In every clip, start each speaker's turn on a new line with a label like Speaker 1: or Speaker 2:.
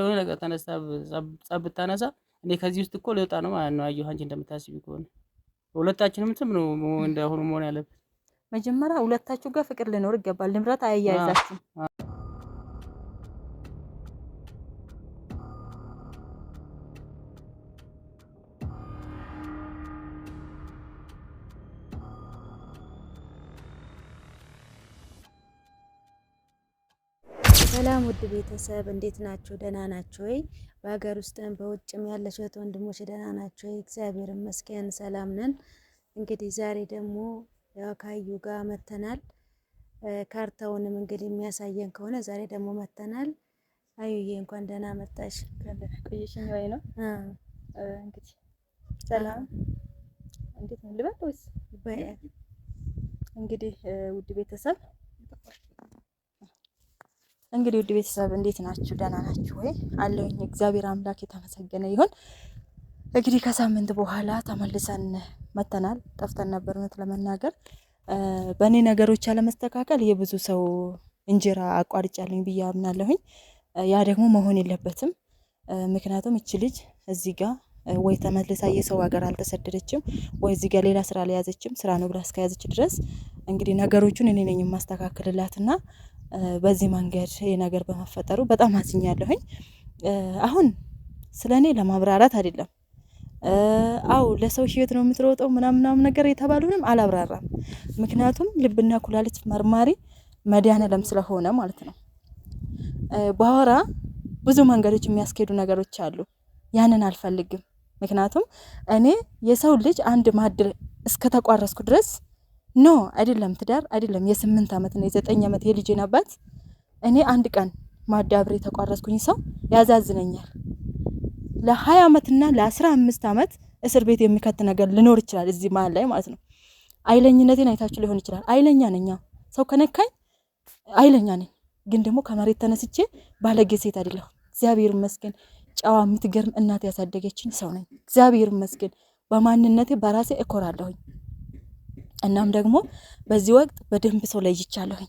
Speaker 1: የሆነ ነገር ተነሳ ጸብ ብታነሳ እኔ ከዚህ ውስጥ እኮ ልወጣ ነው ማለት ነው። አየሁ አንቺ እንደምታስቢ ከሆነ ሁለታችንም እንትን ነው እንደሆኑ መሆን ያለብን። መጀመሪያ ሁለታችሁ ጋር ፍቅር ሊኖር ይገባል። ንብረት አያያዛችሁ ሰላም ውድ ቤተሰብ እንዴት ናችሁ? ደህና ናችሁ ወይ? በሀገር ውስጥም በውጭም ያለችሁት ወንድሞች ደህና ናችሁ ወይ? እግዚአብሔር ይመስገን ሰላም ነን። እንግዲህ ዛሬ ደግሞ ካዩ ጋር መተናል። ካርታውንም እንግዲህ የሚያሳየን ከሆነ ዛሬ ደግሞ መተናል። አዩዬ እንኳን ደህና መጣሽ። ቆየሽኝ ወይ ነው እንግዲህ ሰላም እንዴት ነው ልበል ወይስ እንግዲህ ውድ ቤተሰብ እንግዲህ ውድ ቤተሰብ እንዴት ናችሁ? ደህና ናችሁ ወይ? አለሁኝ። እግዚአብሔር አምላክ የተመሰገነ ይሁን። እንግዲህ ከሳምንት በኋላ ተመልሰን መተናል። ጠፍተን ነበር እውነት ለመናገር በእኔ ነገሮች አለመስተካከል የብዙ ሰው እንጀራ አቋርጫለኝ ብዬ አምናለሁኝ። ያ ደግሞ መሆን የለበትም። ምክንያቱም እች ልጅ እዚህ ጋር ወይ ተመልሳ የሰው ሀገር አልተሰደደችም፣ ወይ እዚህ ጋር ሌላ ስራ አልያዘችም። ስራ ነው ብላ እስከያዘች ድረስ እንግዲህ ነገሮቹን እኔ ነኝ የማስተካክልላትና በዚህ መንገድ ይሄ ነገር በመፈጠሩ በጣም አዝኛለሁኝ። አሁን ስለ እኔ ለማብራራት አይደለም አው ለሰው ህይወት ነው የምትሮጠው ምናምናም ነገር የተባሉንም አላብራራም። ምክንያቱም ልብና ኩላሊት መርማሪ መድኃኒዓለም ስለሆነ ማለት ነው። ባወራ ብዙ መንገዶች የሚያስኬዱ ነገሮች አሉ። ያንን አልፈልግም። ምክንያቱም እኔ የሰው ልጅ አንድ ማድል እስከተቋረስኩ ድረስ ኖ አይደለም፣ ትዳር አይደለም። የስምንት ዓመት ነው የዘጠኝ ዓመት የልጅን አባት እኔ አንድ ቀን ማዳብሬ የተቋረስኩኝ ሰው ያዛዝነኛል። ዓመትና ለአስራ አምስት ዓመት እስር ቤት የሚከት ነገር ልኖር ይችላል እዚህ መሀል ላይ ማለት ነው። አይለኝነቴን አይታችሁ ሊሆን ይችላል። አይለኛ ነኛ ሰው ከነካኝ አይለኛ ነኝ። ግን ደግሞ ከመሬት ተነስቼ ባለጌ ሴት አይደለሁ። እግዚአብሔር ይመስገን ጨዋ የምትገርም እናት ያሳደገችኝ ሰው ነኝ። እግዚአብሔር ይመስገን በማንነቴ በራሴ እኮራለሁኝ። እናም ደግሞ በዚህ ወቅት በደንብ ሰው ለይቻለሁኝ፣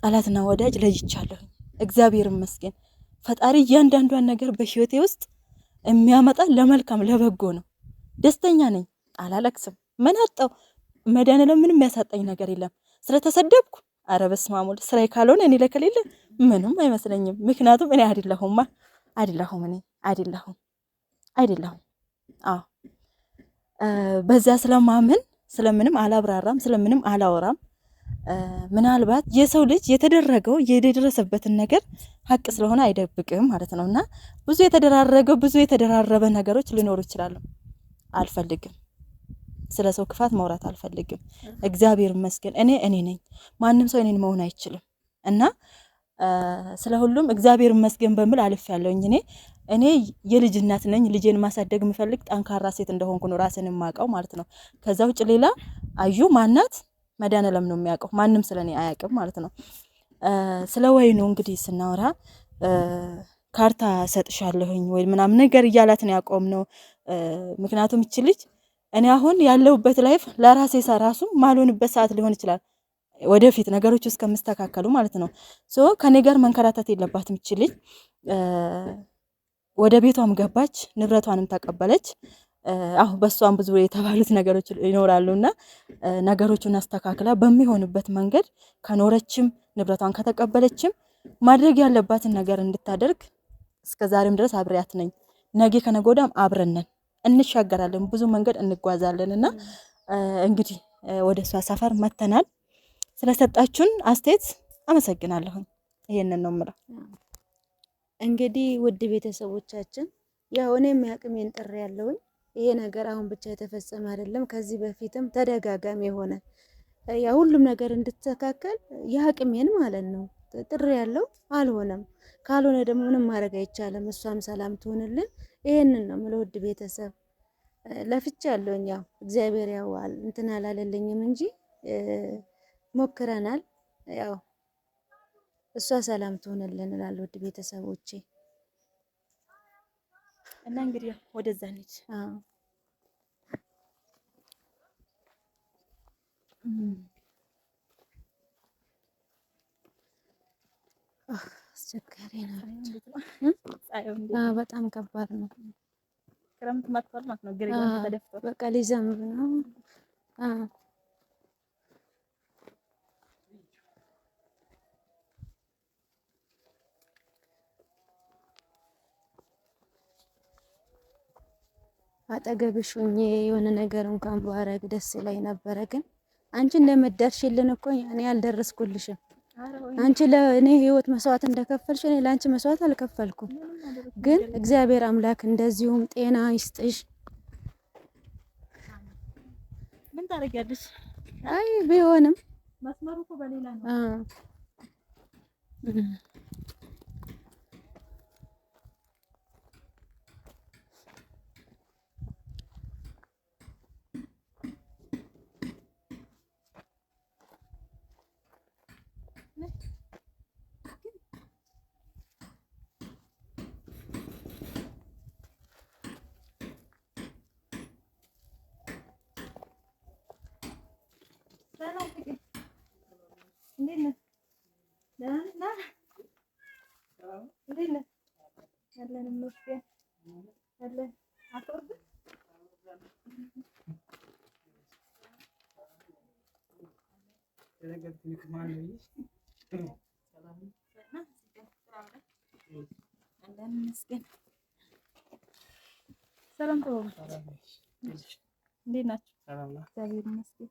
Speaker 1: ጠላትና ወዳጅ ለይቻለሁኝ። እግዚአብሔር ይመስገን ፈጣሪ እያንዳንዷን ነገር በህይወቴ ውስጥ የሚያመጣ ለመልካም ለበጎ ነው። ደስተኛ ነኝ፣ አላለቅስም። ምን አጣው? መድኃኒዓለም ምንም የሚያሳጣኝ ነገር የለም። ስለተሰደብኩ አረ በስመ አብ ወልድ ስራዬ ካልሆነ እኔ ለከሌለ ምንም አይመስለኝም። ምክንያቱም እኔ አይደለሁማ አይደለሁም እኔ አይደለሁም አይደለሁም። አዎ በዛ ስለማምን ስለምንም አላብራራም፣ ስለምንም አላወራም። ምናልባት የሰው ልጅ የተደረገው የደረሰበትን ነገር ሀቅ ስለሆነ አይደብቅም ማለት ነው እና ብዙ የተደራረገው ብዙ የተደራረበ ነገሮች ሊኖሩ ይችላሉ። አልፈልግም፣ ስለ ሰው ክፋት ማውራት አልፈልግም። እግዚአብሔር ይመስገን እኔ እኔ ነኝ። ማንም ሰው እኔን መሆን አይችልም እና ስለ ሁሉም እግዚአብሔር ይመስገን በምል አልፍ ያለውኝ እኔ እኔ የልጅ እናት ነኝ። ልጄን ማሳደግ የምፈልግ ጠንካራ ሴት እንደሆንኩ ነው ራሴን የማውቀው ማለት ነው። ከዛ ውጭ ሌላ አዩ ማናት መድኃኒዓለም ነው የሚያውቀው። ማንም ስለ እኔ አያውቅም ማለት ነው። ስለ ወይኑ እንግዲህ ስናወራ ካርታ ሰጥሻለሁኝ ወይ ምናምን ነገር እያላት ነው ያቆም ነው። ምክንያቱም እች ልጅ እኔ አሁን ያለሁበት ላይፍ ለራሴ ራሱ ማልሆንበት ሰዓት ሊሆን ይችላል ወደፊት ነገሮች እስከምስተካከሉ ማለት ነው። ከኔ ጋር መንከራተት የለባትም እች ልጅ ወደ ቤቷም ገባች፣ ንብረቷንም ተቀበለች። አሁ በእሷም ብዙ የተባሉት ነገሮች ይኖራሉ እና ነገሮቹን አስተካክላ በሚሆንበት መንገድ ከኖረችም ንብረቷን ከተቀበለችም ማድረግ ያለባትን ነገር እንድታደርግ እስከ ዛሬም ድረስ አብሬያት ነኝ። ነገ ከነጎዳም አብረነን እንሻገራለን፣ ብዙ መንገድ እንጓዛለን እና እንግዲህ ወደ እሷ ሰፈር መተናል። ስለሰጣችሁን አስተያየት አመሰግናለሁኝ። ይሄንን ነው የምለው። እንግዲህ ውድ ቤተሰቦቻችን ያው እኔም ያቅሜን ጥሪ ያለውኝ ይሄ ነገር አሁን ብቻ የተፈጸመ አይደለም። ከዚህ በፊትም ተደጋጋሚ የሆነ ያ ሁሉም ነገር እንድትስተካከል የአቅሜን ማለት ነው ጥሪ ያለው አልሆነም። ካልሆነ ደግሞ ምንም ማድረግ አይቻልም። እሷም ሰላም ትሆንልን። ይሄንን ነው ምለ ውድ ቤተሰብ ለፍቻ ያለውኝ ያው እግዚአብሔር ያው እንትን አላለልኝም እንጂ ሞክረናል ያው እሷ ሰላም ትሆንልን እላለሁ። ውድ ቤተሰቦቼ እና እንግዲህ ወደዛ ነች። አስቸጋሪ ነው። በጣም ከባድ ነው። ክረምት ማጥፋት ማለት ነው። ግሬ ተደፍቶ በቃ ሊዘንብ ነው። አጠገብሽ ሆኜ የሆነ ነገር እንኳን ባረግ ደስ ላይ ነበረ። ግን አንቺ እንደምትደርሽልን እኮ እኔ አልደረስኩልሽም። አንቺ ለእኔ ህይወት መስዋዕት እንደከፈልሽ እኔ ለአንቺ መስዋዕት አልከፈልኩም። ግን እግዚአብሔር አምላክ እንደዚሁም ጤና ይስጥሽ። ምን ታደርጊያለሽ? አይ ቢሆንም መስመሩ እኮ በሌላ ነው። Ben oradaki. Dinle. Ben ben. Dinle. Ellerim müşkü. Elle. Atıldı. Gerek ettiğini kumarlayış. Selam. Selam. Selam. Selam. ሰላም ተባባል። እንዴት ናችሁ? ሰላም ነው። እግዚአብሔር ይመስገን።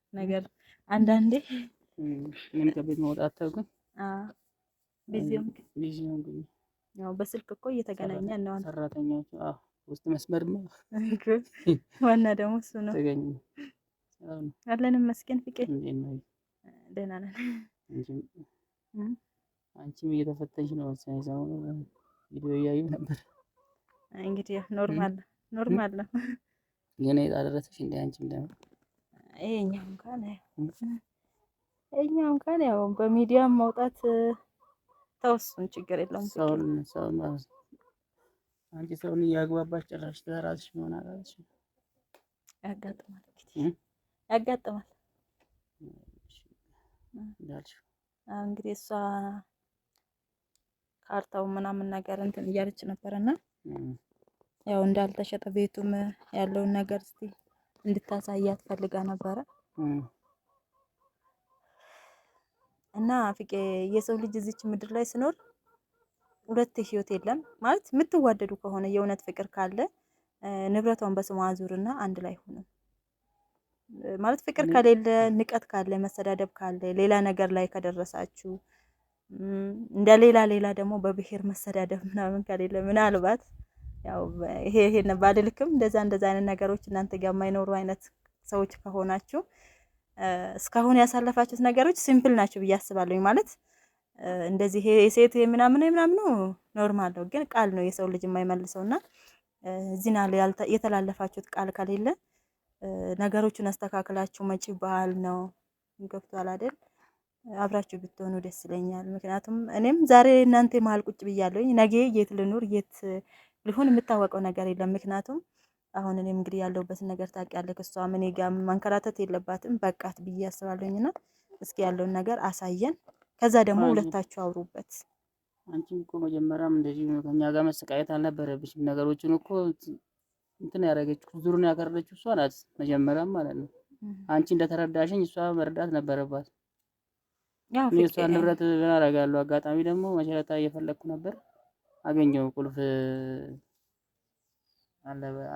Speaker 1: ነገር አንዳንዴ ምን ከቤት መውጣት ተጉን ያው በስልክ እኮ እየተገናኘ ነው። ሰራተኛው ውስጥ መስመር ነው። ዋና ደግሞ እሱ ነው። አለን መስገን ፍቄ ደህና ነን። አንቺም እየተፈተንሽ ነው መሰለኝ። ሰሞኑን ቪዲዮ እያዩ ነበር። እንግዲህ ኖርማል ኖርማል ነው። ግን የጣ ደረሰሽ እንደ አንቺም ደግሞ ይሄኛው እንኳን ይሄኛው እንኳን ያው በሚዲያም ማውጣት ተወሱን ችግር የለውም። ሰውን ሰውን አንቺ ሰውን እያግባባሽ ጭራሽ ተራስሽ ምን አላልሽ? ያጋጥማል እንግዲህ ያጋጥማል። እንግዲህ እሷ ካርታው ምናምን ነገር እንትን እያለች ነበርና ያው እንዳልተሸጠ ቤቱም ያለውን ነገር እስቲ እንድታሳያት ፈልጋ ነበረ እና ፍቄ የሰው ልጅ እዚች ምድር ላይ ስኖር ሁለት ህይወት የለም ማለት የምትዋደዱ ከሆነ የእውነት ፍቅር ካለ ንብረቷን በስሟ አዙርና አንድ ላይ ሆኑ። ማለት ፍቅር ከሌለ ንቀት ካለ መሰዳደብ ካለ ሌላ ነገር ላይ ከደረሳችሁ እንደ ሌላ ሌላ ደግሞ በብሔር መሰዳደብ ምናምን ከሌለ ምናልባት ያው ይሄ ይሄን ባልልክም እንደዛ እንደዛ አይነት ነገሮች እናንተ ጋር የማይኖሩ አይነት ሰዎች ከሆናችሁ እስካሁን ያሳለፋችሁት ነገሮች ሲምፕል ናቸው ብዬ አስባለሁኝ። ማለት እንደዚህ የሴት የምናምን የምናምኑ ኖርማል ነው፣ ግን ቃል ነው የሰው ልጅ የማይመልሰውና እዚህ ናል የተላለፋችሁት ቃል ከሌለ ነገሮቹን አስተካክላችሁ መጪ በዓል ነው ገብቷል አይደል? አብራችሁ ብትሆኑ ደስ ይለኛል። ምክንያቱም እኔም ዛሬ እናንተ መሀል ቁጭ ብያለሁኝ። ነገ የት ልኑር የት ሊሆን የምታወቀው ነገር የለም። ምክንያቱም አሁን እኔም እንግዲህ ያለሁበትን ነገር ታውቂያለሽ። እሷ እኔ ጋር ማንከራተት የለባትም በቃት ብዬ አስባለሁኝና እስኪ ያለውን ነገር አሳየን። ከዛ ደግሞ ሁለታችሁ አውሩበት። አንቺም እኮ መጀመሪያም እንደዚህ ከኛ ጋር መሰቃየት አልነበረብሽም። ነገሮችን እኮ እንትን ያደረገችው ዙሩን ያቀረበችው እሷ ናት መጀመሪያም ማለት ነው። አንቺ እንደተረዳሽኝ እሷ መረዳት ነበረባት። እሷ ንብረት ምን አደርጋለሁ። አጋጣሚ ደግሞ መሰረታ እየፈለግኩ ነበር አገኘው ቁልፍ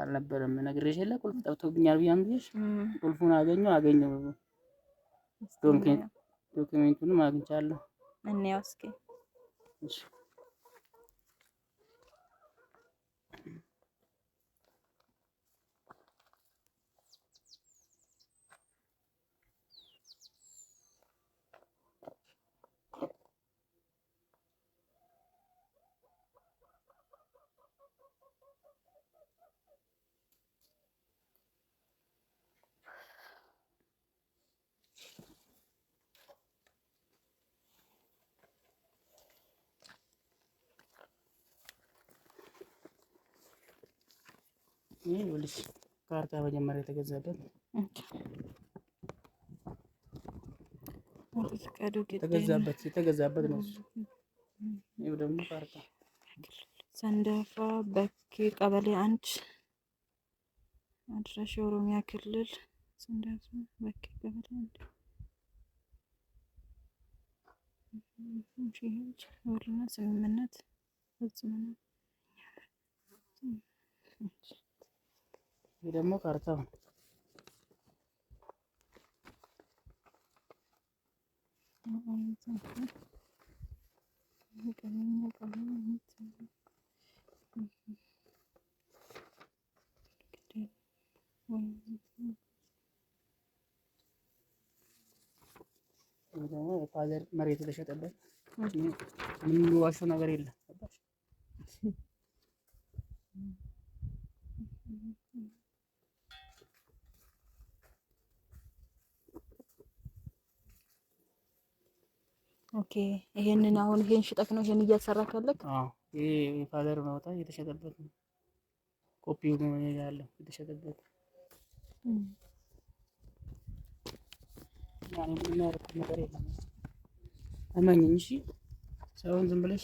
Speaker 1: አልነበረም ነግሬሽ የለ ቁልፍ ጠብቶብኛል ብያም ብዬሽ ቁልፉን አገኘው አገኘው ዶክሜንቱንም አግኝቻለሁ። እንየው እስኪ። ይህ ካርታ መጀመሪያ የተገዛበት ተገዛበት የተገዛበት ነው። ይህ ደግሞ ካርታ ሰንዳፋ በኬ ቀበሌ አንድ አድራሽ የኦሮሚያ ክልል ሰንዳፋ በኬ ቀበሌ አንድ ስምምነት ፈጽመናል። ይህ ደግሞ ካርታው ነው። መሬት መሬቱ ተሸጠበት። የምንዋሸው ነገር የለም። ኦኬ ይሄንን አሁን ይሄን ሽጠክ ነው ይሄን እያሰራክ አዎ ይሄ ፋዘር ማውጣ የተሸጠበት ነው። ኮፒው ነው ያለው የተሸጠበት። እሺ፣ ሰውን ዝም ብለሽ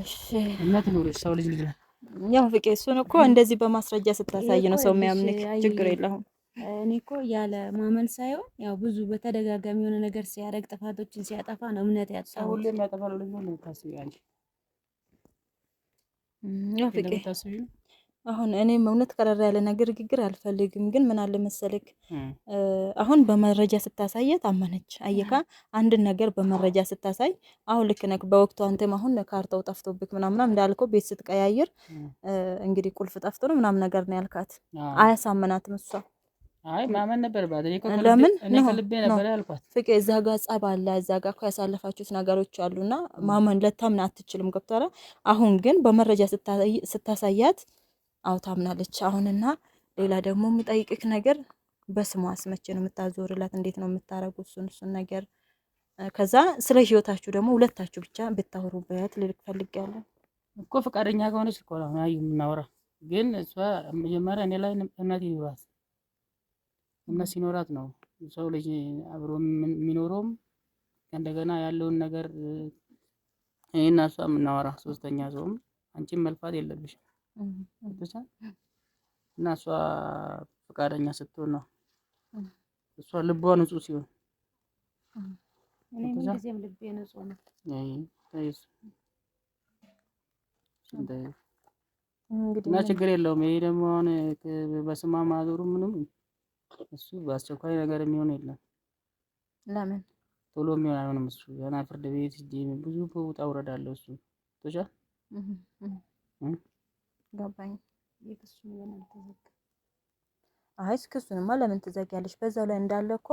Speaker 1: እሺ፣ ኑሮሽ ሰው ልጅ ልጅ ነው ያው ፍቄ፣ እሱን እኮ እንደዚህ በማስረጃ ስታሳይ ነው ሰው የሚያምንክ። ችግር የለውም። እኔ እኮ ያለ ማመን ሳይሆን ያው ብዙ በተደጋጋሚ የሆነ ነገር ሲያደርግ ጥፋቶችን ሲያጠፋ ነው እምነት ያጣው። አሁን እኔም እውነት ቀረር ያለ ነገር ግግር አልፈልግም። ግን ምን አለ መሰልክ፣ አሁን በመረጃ ስታሳየት አመነች። አየካ አንድን ነገር በመረጃ ስታሳይ አሁን ልክ ነህ። በወቅቱ አንተም አሁን ካርታው ጠፍቶብክ ምናምን እንዳልከው ቤት ስትቀያየር እንግዲህ ቁልፍ ጠፍቶ ነው ምናምን ነገር ነው ያልካት። አያሳመናትም እሷ አይ ማመን ነበረባት። እኔ እኮ ለምን እኔ ከልቤ ነበር ያልኳት። ፍቅ እዛ ጋር ጸብ አለ፣ እዛ ጋር እኮ ያሳለፋችሁት ነገሮች አሉና ማመን ለታምን አትችልም። ገብቷል። አሁን ግን በመረጃ ስታሳያት አው ታምናለች። አሁንና ሌላ ደግሞ የምጠይቅህ ነገር በስሟ አስመቼ ነው የምታዞርላት? እንዴት ነው የምታረጉት? እሱን እሱን ነገር ከዛ ስለ ህይወታችሁ ደግሞ ሁለታችሁ ብቻ ብታወሩበት ልልክ ፈልጋለሁ። እኮ ፈቃደኛ ከሆነች እኮ ነው አዩ የምናወራ ግን እሷ መጀመሪያ እኔ ላይ እምነት ይኑራት እምነት ሲኖራት ነው ሰው ልጅ አብሮ የሚኖረውም እንደገና ያለውን ነገር እኔና እሷ የምናወራ ሶስተኛ ሰውም አንቺም መልፋት የለብሽም እና እሷ ፈቃደኛ ስትሆን ነው እሷ ልቧ ንጹህ ሲሆን እና ችግር የለውም። ይሄ ደግሞ አሁን በስማ ማዞሩ ምንም እሱ በአስቸኳይ ነገር የሚሆን የለም። ለምን ቶሎ የሚሆን አይሆንም። እሱ ገና ፍርድ ቤት ብዙ ውጣ ውረድ አለው። እሱ ቶቻል ገባኝ። አይ ክሱንማ ለምን ትዘጊያለሽ? በዛው ላይ እንዳለ እኮ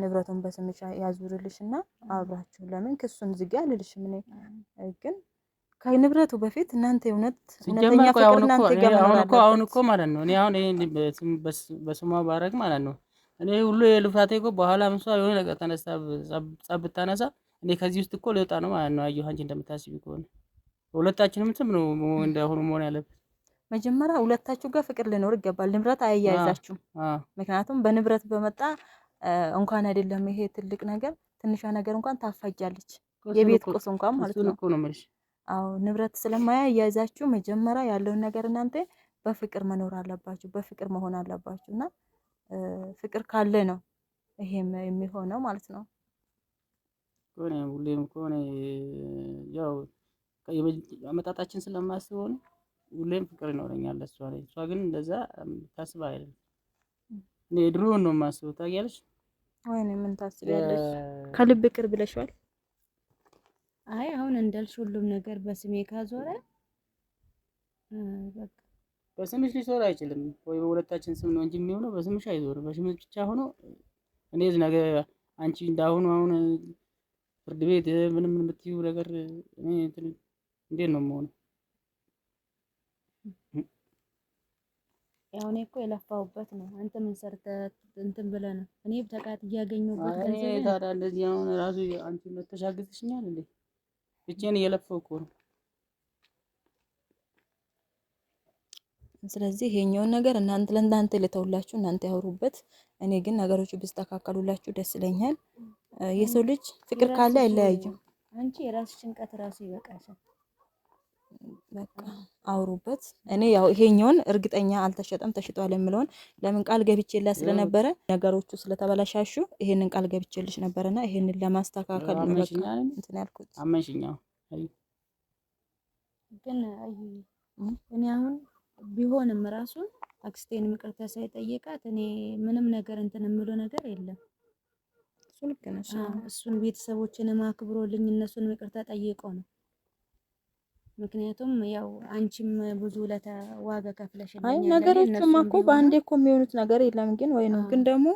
Speaker 1: ንብረቱን በስምሽ ያዙርልሽ እና አብራችሁ ለምን ክሱን ዝጊ አልልሽም እኔ ግን ከንብረቱ በፊት እናንተ እውነት እውነተኛ አሁን እኮ ማለት ነው እኔ አሁን ይሄን በስሟ ባረግ ማለት ነው እኔ ሁሉ የልፋቴ እኮ በኋላ ምሷ የሆነ ነገር ተነሳ ጸብ ብታነሳ እኔ ከዚህ ውስጥ እኮ ሊወጣ ነው ማለት ነው። አየሁ አንቺ እንደምታስቢ ከሆነ ሁለታችንም ስም ነው እንደሆኑ መሆን ያለብን መጀመሪያ ሁለታችሁ ጋር ፍቅር ሊኖር ይገባል። ንብረት አያያዛችሁም። ምክንያቱም በንብረት በመጣ እንኳን አይደለም ይሄ ትልቅ ነገር ትንሿ ነገር እንኳን ታፋጃለች። የቤት ቁስ እንኳን ማለት ነው አዎ ንብረት ስለማያያዛችሁ መጀመሪያ ያለውን ነገር እናንተ በፍቅር መኖር አለባችሁ፣ በፍቅር መሆን አለባችሁ እና ፍቅር ካለ ነው ይሄም የሚሆነው ማለት ነው። ሆነ ሁሌም ከሆነ ያው አመጣጣችን ስለማያስበው ነው። ሁሌም ፍቅር ይኖረኛል እሷ ላይ እሷ ግን እንደዛ ታስባ አይደለም። እኔ ድሮውን ነው የማስበው ታውቂያለሽ። ወይኔ ምን ታስቢያለሽ? ከልብ ቅርብ ብለሽዋል። አይ አሁን እንዳልሽ ሁሉም ነገር በስሜ ካዞረ በቃ በስምሽ ሊዞር አይችልም ወይ በሁለታችን ስም ነው እንጂ የሚሆነው በስምሽ አይዞርም። በስምሽ ብቻ ሆኖ እኔ ነገ አንቺ እንዳሁኑ አሁን ፍርድ ቤት ምንም የምትዩ ነገር እኔ እንዴት ነው የምሆነው? ያው እኔ እኮ የለፋሁበት ነው። አንተ ምን ሰርተህ እንትን ብለህ ነው? እኔ ተቃጥዬ ያገኘሁበት ገንዘብ ታዲያ እንደዚህ አሁን ራሱ አንቺ መተሻግዝሽኛል እንዴ? እጄን እየለፈው እኮ ነው። ስለዚህ ይሄኛውን ነገር እናንተ ለእናንተ ልተውላችሁ፣ እናንተ ያወሩበት። እኔ ግን ነገሮቹ ብስተካከሉላችሁ ደስ ይለኛል። የሰው ልጅ ፍቅር ካለ አይለያዩም። አንቺ የራስሽ ጭንቀት ራሱ ይበቃሻል። በቃ አውሩበት። እኔ ያው ይሄኛውን እርግጠኛ አልተሸጠም ተሽጧል የምለውን ለምን ቃል ገብቼላ ስለነበረ ነገሮቹ ስለተበላሻሹ ይሄንን ቃል ገብቼልሽ ነበረና ይሄንን ለማስተካከል እንትን ያልኩት አመሽኛው። ግን እኔ አሁን ቢሆንም ራሱን አክስቴን ይቅርታ ሳይጠይቃት እኔ ምንም ነገር እንትን የምለው ነገር የለም። እሱን ቤተሰቦችን ማክብሮልኝ እነሱን ይቅርታ ጠይቀው ነው ምክንያቱም ያው አንቺም ብዙ ለታ ዋጋ ከፍለሽ አይ ነገሮችማ እኮ በአንዴ እኮ የሚሆኑት ነገር የለም። ግን ወይ ነው ግን ደግሞ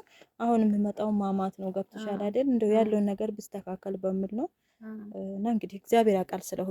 Speaker 1: አሁን የምመጣው ማማት ነው። ገብቶሻል አይደል? እንደው ያለውን ነገር ብስተካከል በሚል ነው እና እንግዲህ እግዚአብሔር ያውቃል ስለሁ